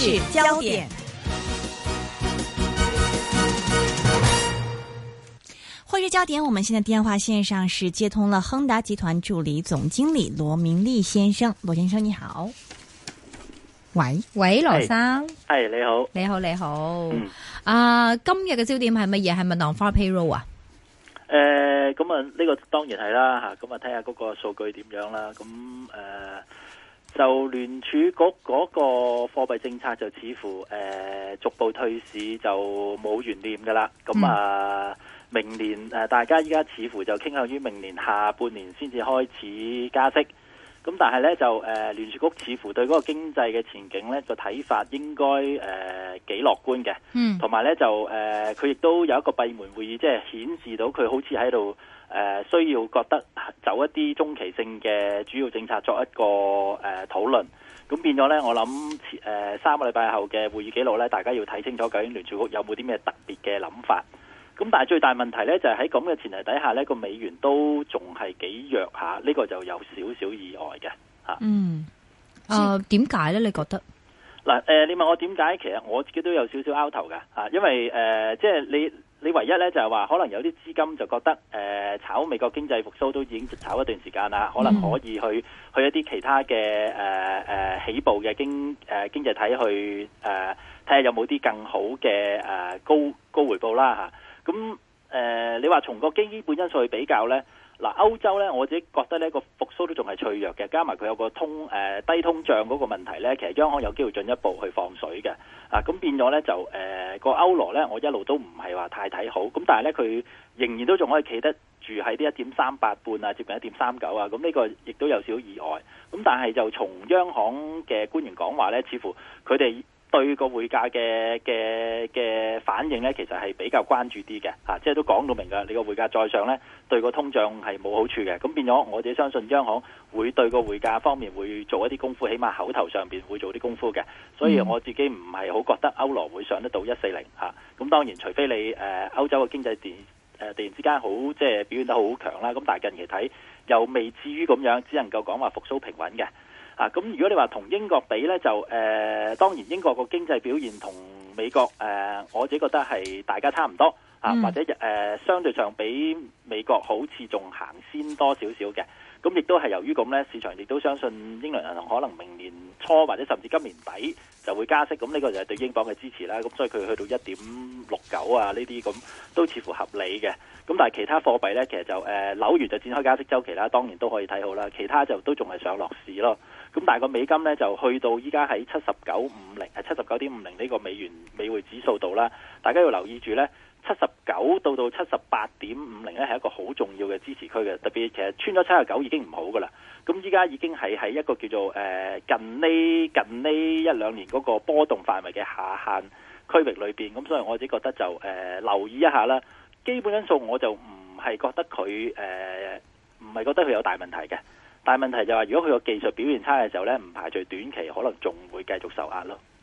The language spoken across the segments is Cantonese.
是焦點。匯市焦點，我們現在電話線上是接通了亨達集團助理總經理羅明立先生。羅先生，你好。喂喂，羅生，係、hey. hey, 你好，你好你好。嗯 uh, 的是是啊，今日嘅焦點係乜嘢？係咪 Non-farm Payroll 啊？誒，咁啊，呢個當然係啦吓。咁啊，睇下嗰個數據點樣啦。咁、呃、誒。就聯儲局嗰個貨幣政策就似乎誒、呃、逐步退市就冇懸念噶啦，咁啊、嗯、明年大家依家似乎就傾向於明年下半年先至開始加息，咁但係咧就誒、呃、聯儲局似乎對嗰個經濟嘅前景咧個睇法應該誒幾、呃、樂觀嘅，嗯，同埋咧就誒佢亦都有一個閉門會議，即、就、係、是、顯示到佢好似喺度。誒、呃，需要覺得走一啲中期性嘅主要政策作一個誒討論，咁、呃、變咗咧，我諗誒、呃、三個禮拜後嘅會議記錄咧，大家要睇清楚究竟聯儲局有冇啲咩特別嘅諗法。咁但係最大問題咧，就係喺咁嘅前提底下，呢個美元都仲係幾弱下，呢、啊這個就有少少意外嘅吓、啊。嗯、啊、呃，點解咧？你覺得嗱？誒、呃，你問我點解？其實我自己都有少少 out 頭噶吓、啊，因為誒、呃，即係你。你唯一咧就係話，可能有啲資金就覺得，誒、呃、炒美國經濟復甦都已經炒一段時間啦，可能可以去去一啲其他嘅誒、呃、起步嘅經誒、呃、經濟體去誒睇下有冇啲更好嘅誒、呃、高高回報啦嚇。咁誒、呃，你話從個基本因素去比較咧？嗱，歐洲咧，我自己覺得呢個復甦都仲係脆弱嘅，加埋佢有個通誒、呃、低通脹嗰個問題咧，其實央行有機會進一步去放水嘅。啊，咁變咗咧就誒個、呃、歐羅咧，我一路都唔係話太睇好，咁但係咧佢仍然都仲可以企得住喺呢一點三八半啊，接近一點三九啊，咁呢個亦都有少少意外。咁但係就從央行嘅官員講話咧，似乎佢哋。對個匯價嘅嘅嘅反應呢，其實係比較關注啲嘅，嚇、啊，即係都講到明㗎。你個匯價再上呢，對個通脹係冇好處嘅。咁變咗，我哋相信央行會對個匯價方面會做一啲功夫，起碼口頭上邊會做啲功夫嘅。所以我自己唔係好覺得歐羅會上得到一四零嚇。咁當然，除非你誒、呃、歐洲嘅經濟電誒突然之間好即係表現得好強啦。咁但係近期睇又未至於咁樣，只能夠講話復甦平穩嘅。啊，咁如果你話同英國比咧，就誒、呃、當然英國個經濟表現同美國、呃、我自己覺得係大家差唔多啊，嗯、或者、呃、相對上比美國好似仲行先多少少嘅。咁亦都係由於咁呢，市場亦都相信英倫銀行可能明年初或者甚至今年底就會加息，咁呢個就係對英鎊嘅支持啦。咁所以佢去到一點六九啊，呢啲咁都似乎合理嘅。咁但係其他貨幣呢，其實就誒紐元就展開加息周期啦，當然都可以睇好啦。其他就都仲係上落市咯。咁但係個美金呢，就去到依家喺七十九五零，係七十九點五零呢個美元美匯指數度啦。大家要留意住呢。七十九到到七十八點五零咧，係一個好重要嘅支持區嘅。特別其實穿咗七十九已經唔好噶啦。咁依家已經係喺一個叫做誒近呢近呢一兩年嗰個波動範圍嘅下限區域裏邊。咁所以我只覺得就誒、呃、留意一下啦。基本因素我就唔係覺得佢誒唔係覺得佢有大問題嘅。大問題就係如果佢個技術表現差嘅時候咧，唔排除短期可能仲會繼續受壓咯。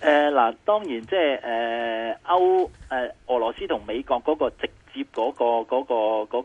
誒，嗱，當然即係誒歐誒俄羅斯同美國嗰個直接嗰個嗰個嗰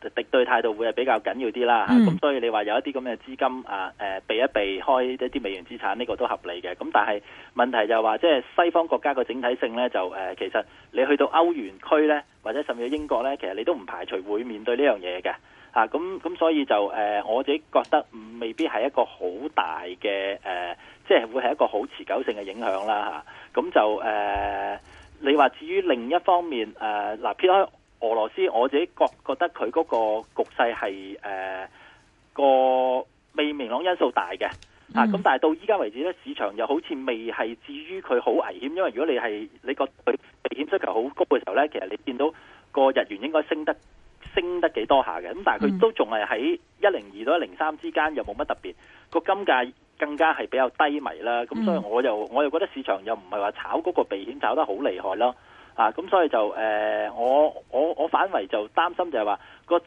個敵對態度會係比較緊要啲啦，咁、嗯啊、所以你話有一啲咁嘅資金啊誒避一避開一啲美元資產，呢個都合理嘅。咁但係問題就係話即係西方國家個整體性咧，就誒、呃、其實你去到歐元區咧，或者甚至英國咧，其實你都唔排除會面對呢樣嘢嘅。吓咁咁所以就誒、呃、我自己覺得未必係一個好大嘅誒。呃即係會係一個好持久性嘅影響啦吓，咁、啊、就誒、呃，你話至於另一方面誒，嗱、呃啊、撇開俄羅斯，我自己覺得覺得佢嗰個局勢係誒個未明朗因素大嘅吓，咁、嗯啊、但係到依家為止咧，市場又好似未係至於佢好危險，因為如果你係你覺佢避險需求好高嘅時候咧，其實你見到個日元應該升得升得幾多下嘅，咁但係佢都仲係喺一零二到一零三之間，又冇乜特別個金價。更加係比較低迷啦，咁所以我又我又覺得市場又唔係話炒嗰個避險炒得好厲害咯，啊咁所以就誒、呃、我我我反為就擔心就係話個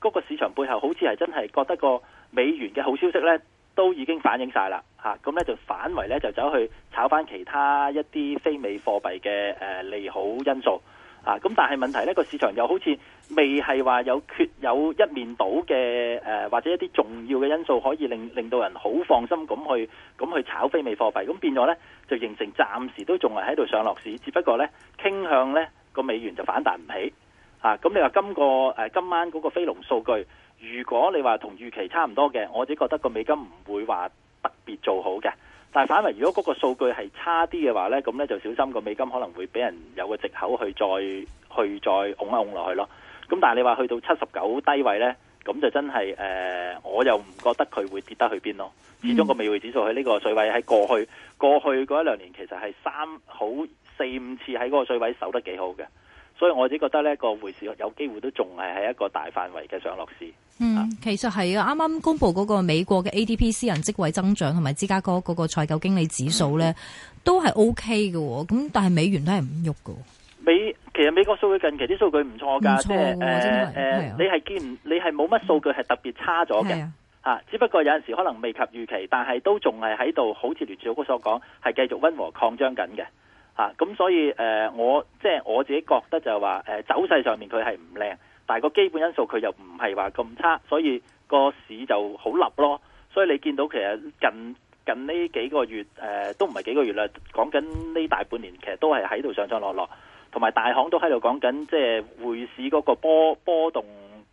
嗰個市場背後好似係真係覺得個美元嘅好消息咧都已經反映晒啦嚇，咁、啊、咧就反為咧就走去炒翻其他一啲非美貨幣嘅誒利好因素。啊，咁但係問題呢個市場又好似未係話有缺有一面倒嘅誒、呃，或者一啲重要嘅因素可以令令到人好放心咁去咁去炒非美貨幣，咁變咗呢，就形成暫時都仲係喺度上落市，只不過呢傾向呢個美元就反彈唔起。啊，咁你話今個、呃、今晚嗰個非農數據，如果你話同預期差唔多嘅，我自己覺得個美金唔會話特別做好嘅。但反為，如果嗰個數據係差啲嘅話呢，咁呢就小心個美金可能會俾人有個藉口去再去再拱一拱落去咯。咁但係你話去到七十九低位呢，咁就真係誒、呃，我又唔覺得佢會跌得去邊咯。始終個美匯指數喺呢個水位喺過去過去嗰一兩年，其實係三好四五次喺嗰個水位守得幾好嘅。所以，我只覺得呢個匯市有機會都仲係喺一個大範圍嘅上落市。嗯，其實係啊，啱啱公布嗰個美國嘅 ADP 私人職位增長同埋芝加哥嗰個採購經理指數呢，都係 OK 嘅。咁但係美元都係唔喐㗎。美其實美國數據近期啲數據唔錯㗎，即係、呃啊、你係見你係冇乜數據係特別差咗嘅。嚇、啊，只不過有陣時可能未及預期，但係都仲係喺度，好似聯儲局所講，係繼續溫和擴張緊嘅。咁、啊、所以誒、呃，我即係、就是、我自己覺得就係話誒走勢上面佢係唔靚，但係個基本因素佢又唔係話咁差，所以個市就好立咯。所以你見到其實近近呢幾個月誒、呃、都唔係幾個月啦，講緊呢大半年其實都係喺度上上落落，同埋大行都喺度講緊即係匯市嗰個波波動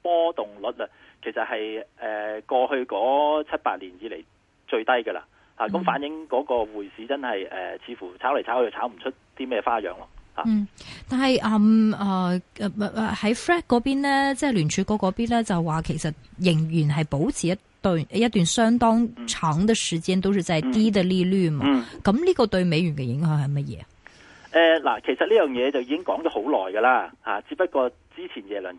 波動率啊，其實係誒、呃、過去嗰七八年以嚟最低㗎啦。咁、嗯、反映嗰個匯市真係誒、呃，似乎炒嚟炒去炒唔出啲咩花樣咯、啊。嗯，但係誒誒喺 Fed 嗰邊咧，即係聯儲局嗰邊咧，就話、是、其實仍然係保持一段一段相當長嘅時間都是在低嘅利率嘛。咁、嗯、呢、嗯、個對美元嘅影響係乜嘢？誒、呃、嗱，其實呢樣嘢就已經講咗好耐噶啦。嚇、啊，只不過之前耶倫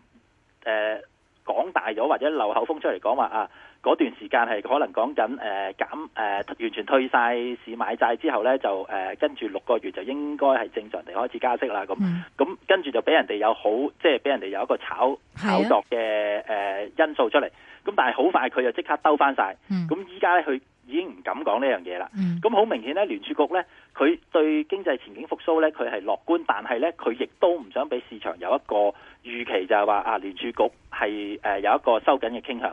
誒講大咗或者漏口風出嚟講話啊。嗰段時間係可能講緊誒減誒、呃、完全退晒市買債之後呢，就誒跟住六個月就應該係正常地開始加息啦。咁、mm. 咁跟住就俾人哋有好即係俾人哋有一個炒炒作嘅誒、呃、因素出嚟。咁但係好快佢就即刻兜翻晒。咁依家佢已經唔敢講呢、mm. 樣嘢啦。咁好明顯呢，聯儲局呢，佢對經濟前景復甦呢，佢係樂觀，但係呢，佢亦都唔想俾市場有一個預期就，就係話啊聯儲局係、呃、有一個收緊嘅傾向。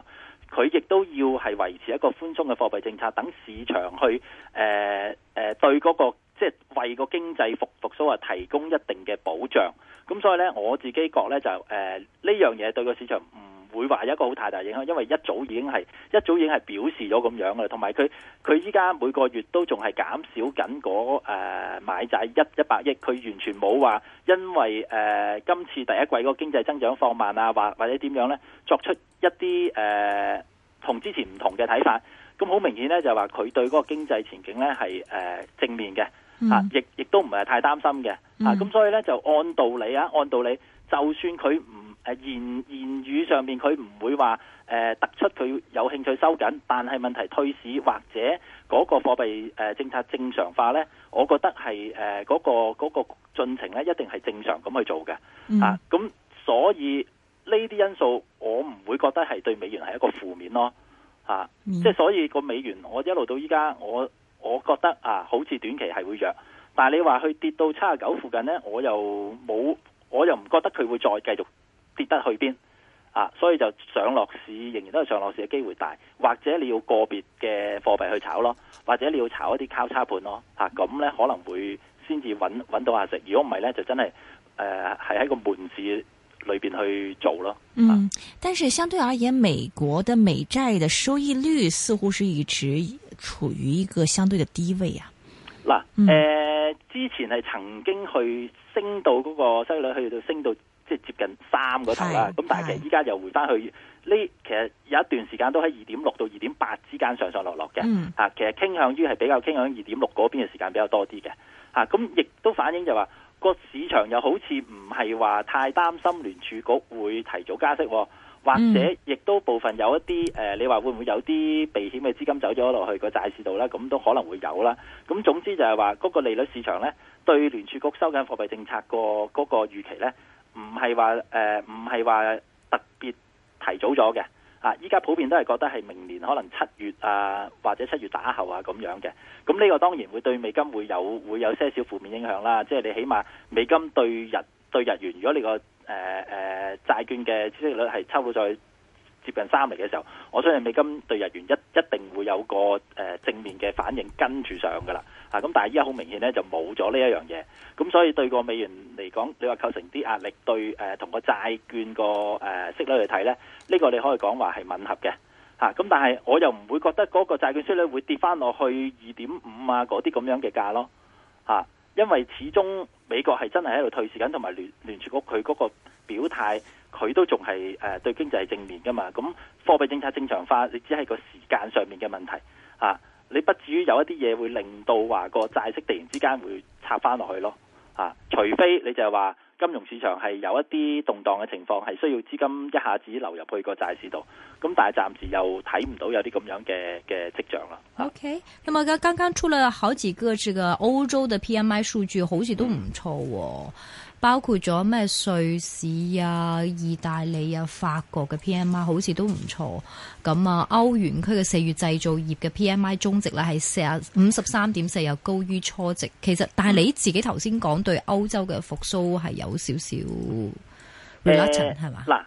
佢亦都要係維持一個寬鬆嘅貨幣政策，等市場去誒誒、呃呃、對嗰、那個即係、就是、為個經濟復復甦啊提供一定嘅保障。咁所以咧，我自己覺咧就誒呢、呃、樣嘢對個市場唔會話有一個好太大，大影響，因為一早已經係一早已經係表示咗咁樣嘅。同埋佢佢依家每個月都仲係減少緊嗰誒買債一一百億，佢完全冇話因為誒、呃、今次第一季個經濟增長放慢啊，或或者點樣呢作出一啲誒同之前唔同嘅睇法。咁好明顯呢，就話佢對嗰個經濟前景呢係誒、呃、正面嘅，嚇、啊，亦亦都唔係太擔心嘅，嚇、啊。咁所以呢，就按道理啊，按道理就算佢。言言語上面不，佢唔會話誒突出佢有興趣收緊。但係問題退市或者嗰個貨幣、呃、政策正常化呢，我覺得係誒嗰個嗰、嗰個、進程咧，一定係正常咁去做嘅、mm. 啊。咁所以呢啲因素，我唔會覺得係對美元係一個負面咯嚇。即係所以個美元，我一路到依家，我我覺得啊，好似短期係會弱，但係你話佢跌到七十九附近呢，我又冇，我又唔覺得佢會再繼續。跌得去邊啊？所以就上落市仍然都係上落市嘅機會大，或者你要個別嘅貨幣去炒咯，或者你要炒一啲交叉盤咯啊！咁咧可能會先至揾揾到價值。如果唔係咧就真係誒係喺個門市裏面去做咯、啊。嗯，但係相對而言，美國嘅美債嘅收益率似乎是一直處於一個相對嘅低位啊。嗱、嗯呃，之前係曾經去升到嗰、那個收益率去到升到。即係接近三個頭啦，咁但係其實依家又回翻去呢，其實有一段時間都喺二點六到二點八之間上上落落嘅，啊、嗯，其實傾向於係比較傾向二點六嗰邊嘅時間比較多啲嘅，吓、啊，咁亦都反映就話、是、個市場又好似唔係話太擔心聯儲局會提早加息，或者亦都部分有一啲誒，你話會唔會有啲避險嘅資金走咗落去個債市度咧？咁都可能會有啦。咁總之就係話嗰個利率市場咧，對聯儲局收緊貨幣政策個個嗰個預期咧。唔係話誒，唔係話特別提早咗嘅啊！依家普遍都係覺得係明年可能七月啊，或者七月打後啊咁樣嘅。咁呢個當然會對美金會有會有些少負面影響啦。即係你起碼美金對日對日元，如果你個誒誒債券嘅孳息率係抽在，跌近三厘嘅時候，我相信美金對日元一一定會有個、呃、正面嘅反應跟住上噶啦。咁、啊、但係依家好明顯咧就冇咗呢一樣嘢，咁、啊、所以對個美元嚟講，你話構成啲壓力對同、呃、個債券個誒、呃、息率嚟睇咧，呢、這個你可以講話係吻合嘅。咁、啊、但係我又唔會覺得嗰個債券息率會跌翻落去二點五啊嗰啲咁樣嘅價咯、啊。因為始終美國係真係喺度退市緊，同埋聯聯儲局佢嗰個表態。佢都仲係誒對經濟正面㗎嘛？咁貨幣政策正常化，你只係個時間上面嘅問題啊！你不至於有一啲嘢會令到話個債息突然之間會插返落去咯啊！除非你就係話金融市場係有一啲動盪嘅情況，係需要資金一下子流入去個債市度。咁、啊、但係暫時又睇唔到有啲咁樣嘅嘅跡象啦、啊。OK，咁啊，剛剛出了好幾個這個歐洲嘅 PMI 數據好像不錯、哦，好似都唔錯喎。包括咗咩瑞士啊、意大利啊、法國嘅 PMI 好似都唔錯。咁啊，歐元區嘅四月製造業嘅 PMI 中值咧係四啊五十三點四，又高於初值。其實，但係你自己頭先講對歐洲嘅復甦係有少少、呃。誒，係嘛？嗱，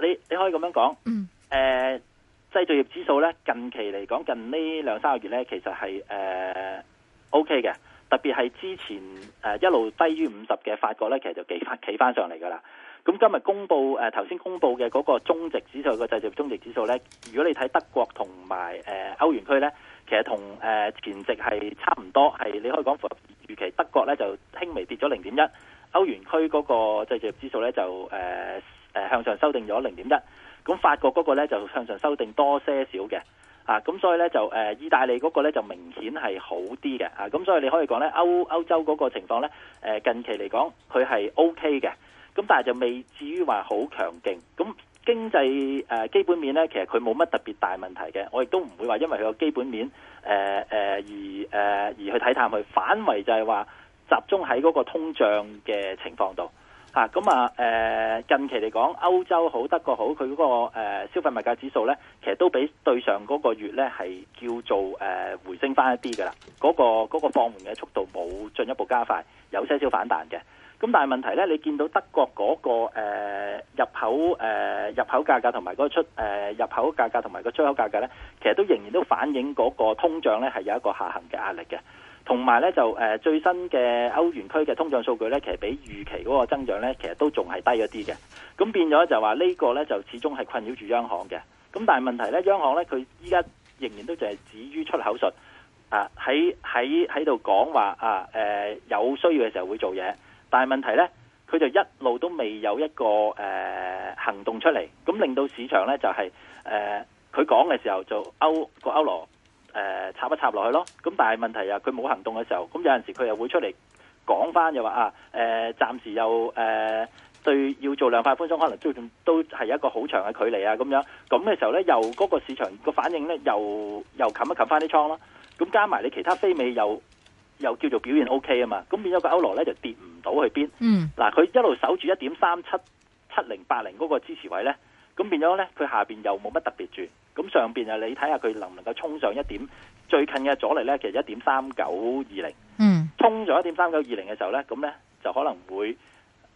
你你可以咁樣講。嗯、呃。製造業指數咧，近期嚟講，近呢兩三個月咧，其實係、呃、OK 嘅。特別係之前誒一路低於五十嘅法國咧，其實就企翻企翻上嚟㗎啦。咁今日公布誒頭先公布嘅嗰個終值指數嘅、那個、製造業中值指數咧，如果你睇德國同埋誒歐元區咧，其實同誒前值係差唔多，係你可以講符合預期。德國咧就輕微跌咗零點一，歐元區嗰個製造業指數咧就誒誒向上修訂咗零點一，咁法國嗰個咧就向上修訂多些少嘅。啊，咁所以咧就誒、呃，意大利嗰個咧就明顯係好啲嘅，啊，咁所以你可以講咧歐、歐洲嗰個情況咧、呃，近期嚟講佢係 O K 嘅，咁、OK、但係就未至於話好強勁，咁經濟誒、呃、基本面咧其實佢冇乜特別大問題嘅，我亦都唔會話因為佢個基本面誒誒而誒而去睇探佢，反為就係話集中喺嗰個通脹嘅情況度。啊，咁啊，誒近期嚟講，歐洲好德國好，佢嗰、嗰個、呃、消費物價指數咧，其實都比對上嗰個月咧係叫做誒、呃、回升返一啲㗎喇。嗰、嗰個嗰個放緩嘅速度冇進一步加快，有些少反彈嘅。咁但係問題咧，你見到德國嗰、嗰個、呃、入口誒、呃、入口價格同埋嗰出誒、呃、入口價格同埋個出口價格咧，其實都仍然都反映嗰個通脹咧係有一個下行嘅壓力嘅。同埋咧就誒、呃、最新嘅歐元區嘅通脹數據咧，其實比預期嗰個增長咧，其實都仲係低咗啲嘅。咁變咗就話呢個咧就始終係困擾住央行嘅。咁但係問題咧，央行咧佢依家仍然都淨係止於出口術啊，喺喺喺度講話啊、呃、有需要嘅時候會做嘢。但係問題咧，佢就一路都未有一個、呃、行動出嚟，咁令到市場咧就係誒佢講嘅時候就歐個歐羅。呃、插一插落去咯，咁但係問題啊，佢冇行動嘅時候，咁有陣時佢又會出嚟講翻，又話啊，誒、呃，暫時又誒、呃，對，要做量化寬鬆，可能都係一個好長嘅距離啊，咁樣，咁嘅時候呢，又嗰個市場個反應呢，又又冚一冚翻啲倉咯，咁加埋你其他非美又又叫做表現 OK 啊嘛，咁變咗個歐羅呢，就跌唔到去邊，嗯，嗱，佢一路守住一點三七七零八零嗰個支持位呢，咁變咗呢，佢下邊又冇乜特別轉。咁上邊啊，你睇下佢能唔能夠衝上一點？最近嘅阻力呢，其實一點三九二零。嗯。衝咗一點三九二零嘅時候呢，咁呢就可能會、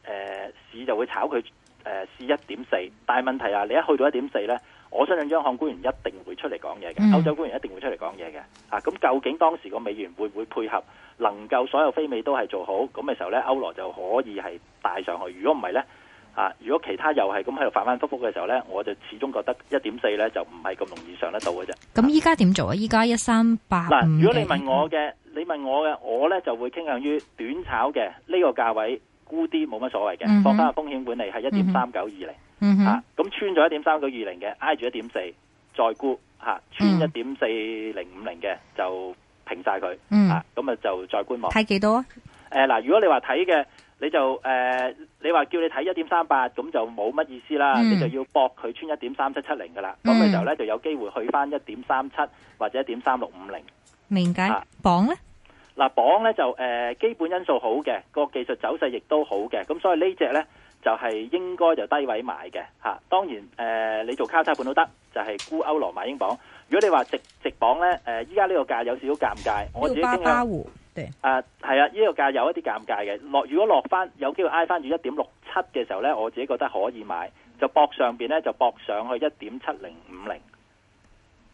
呃、市就會炒佢、呃、市試一點四。但係問題啊，你一去到一點四呢，我相信央行官員一定會出嚟講嘢嘅，歐洲官員一定會出嚟講嘢嘅。咁、啊、究竟當時個美元會唔會配合，能夠所有非美都係做好咁嘅時候呢，歐羅就可以係帶上去。如果唔係呢。啊！如果其他又係咁喺度反反覆覆嘅時候咧，我就始終覺得一點四咧就唔係咁容易上得到嘅啫。咁依家點做啊？依家一三八。嗱，如果你問我嘅，你問我嘅，我咧就會傾向於短炒嘅呢個價位沽啲冇乜所謂嘅、嗯，放翻個風險管理係一點三九二零。嗯、啊、咁穿咗一點三九二零嘅，挨住一點四再沽吓、啊、穿一點四零五零嘅就平晒佢。嗯。咁啊就再觀望。睇幾多啊？誒嗱，如果你話睇嘅，你就誒。呃你話叫你睇一點三八，咁就冇乜意思啦、嗯，你就要搏佢穿一點三七七零噶啦，咁、嗯、佢就、啊、呢、咧、啊、就有機會去返一點三七或者一點三六五零。明、呃、解？磅咧？嗱，磅咧就誒基本因素好嘅，個技術走勢亦都好嘅，咁所以呢隻咧就係、是、應該就低位買嘅吓、啊。當然誒、呃，你做交叉盤都得，就係沽歐羅買英鎊。如果你話直直磅咧，誒依家呢個價有少少尷尬。我自己五。誒，係啊，呢、這個價有一啲尷尬嘅落。如果落翻有機會挨翻住一點六七嘅時候呢，我自己覺得可以買就搏上邊呢，就搏上去一點七零五零。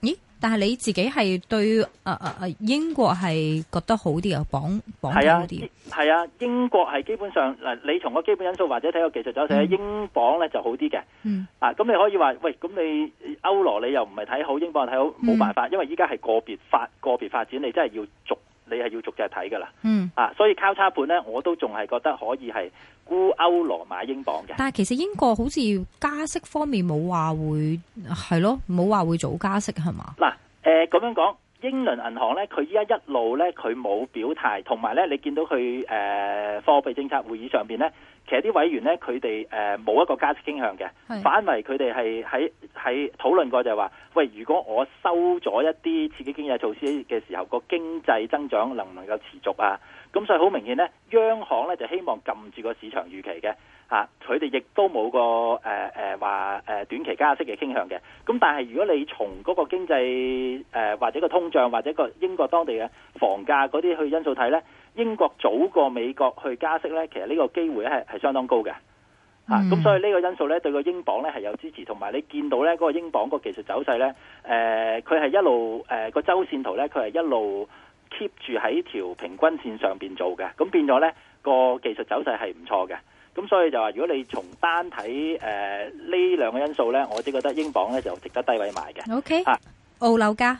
咦？但係你自己係對誒誒、呃呃、英國係覺得好啲啊？鎊鎊好啲係啊？英國係基本上嗱，你從個基本因素或者睇個技術走勢，嗯、英鎊呢就好啲嘅。啊、嗯，咁、uh, 你可以話喂，咁你歐羅你又唔係睇好，英鎊睇好冇辦法，嗯、因為依家係個別發個別發展，你真係要逐。你係要逐隻睇噶啦，嗯，啊，所以交叉盤咧，我都仲係覺得可以係沽歐羅馬英鎊嘅。但係其實英國好似加息方面冇話會係咯，冇話會早加息係嘛？嗱，誒、啊、呃，咁樣講。英倫銀行咧，佢依家一路咧，佢冇表態，同埋咧，你見到佢誒、呃、貨幣政策會議上面咧，其實啲委員咧，佢哋誒冇一個加息傾向嘅，反為佢哋係喺喺討論過就係話，喂，如果我收咗一啲刺激經濟措施嘅時候，個經濟增長能唔能夠持續啊？咁所以好明顯咧，央行咧就希望撳住個市場預期嘅。啊！佢哋亦都冇個誒誒話誒短期加息嘅傾向嘅。咁但係如果你從嗰個經濟誒、呃、或者個通脹或者個英國當地嘅房價嗰啲去因素睇咧，英國早過美國去加息咧，其實呢個機會係係相當高嘅。啊！咁、嗯啊、所以呢個因素咧對個英鎊咧係有支持，同埋你見到咧嗰、嗰個英鎊個技術走勢咧，誒佢係一路誒個、呃、周線圖咧佢係一路 keep 住喺條平均線上邊做嘅。咁變咗咧個技術走勢係唔錯嘅。咁所以就話，如果你從單睇誒呢兩個因素咧，我只覺得英鎊咧就值得低位買嘅。O、okay, K，啊，啊，澳樓價，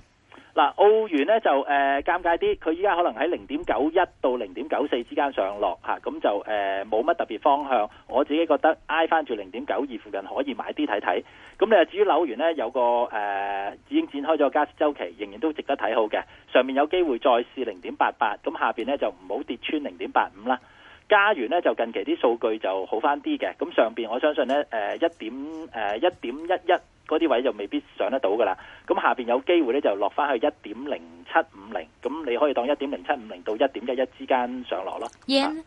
嗱，澳元咧就誒尷尬啲，佢依家可能喺零點九一到零點九四之間上落吓，咁、啊嗯、就誒冇乜特別方向。我自己覺得挨翻住零點九二附近可以買啲睇睇。咁你話至於紐元咧，有個誒、呃、已經展開咗加息周期，仍然都值得睇好嘅。上面有機會再試零點八八，咁下邊咧就唔好跌穿零點八五啦。加元呢，就近期啲數據就好翻啲嘅，咁上邊我相信呢，誒、呃、一點誒一點一一嗰啲位就未必上得到噶啦，咁下邊有機會呢，就落翻去一點零七五零，咁你可以當一點零七五零到一點一一之間上落咯。y、啊、e、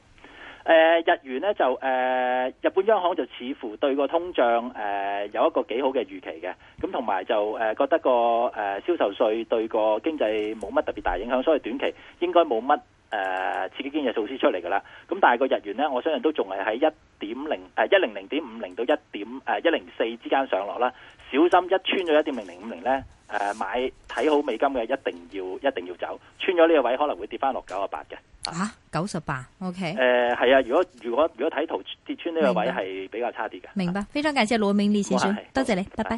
呃、日元呢，就誒、呃、日本央行就似乎對個通脹誒、呃、有一個幾好嘅預期嘅，咁同埋就誒、呃、覺得個誒銷、呃、售稅對個經濟冇乜特別大影響，所以短期應該冇乜。誒、呃，刺激經濟措施出嚟噶啦，咁但係個日元呢，我相信都仲係喺一點零誒一零零點五零到一點誒一零四之間上落啦。小心一穿咗一點零零五零咧，誒買睇好美金嘅一定要一定要走，穿咗呢個位，可能會跌翻落九啊八嘅啊九十八。O K 誒係啊，如果如果如果睇圖跌穿呢個位係比較差啲嘅。明白、啊，非常感謝羅明立先生，多謝你，拜拜。拜拜。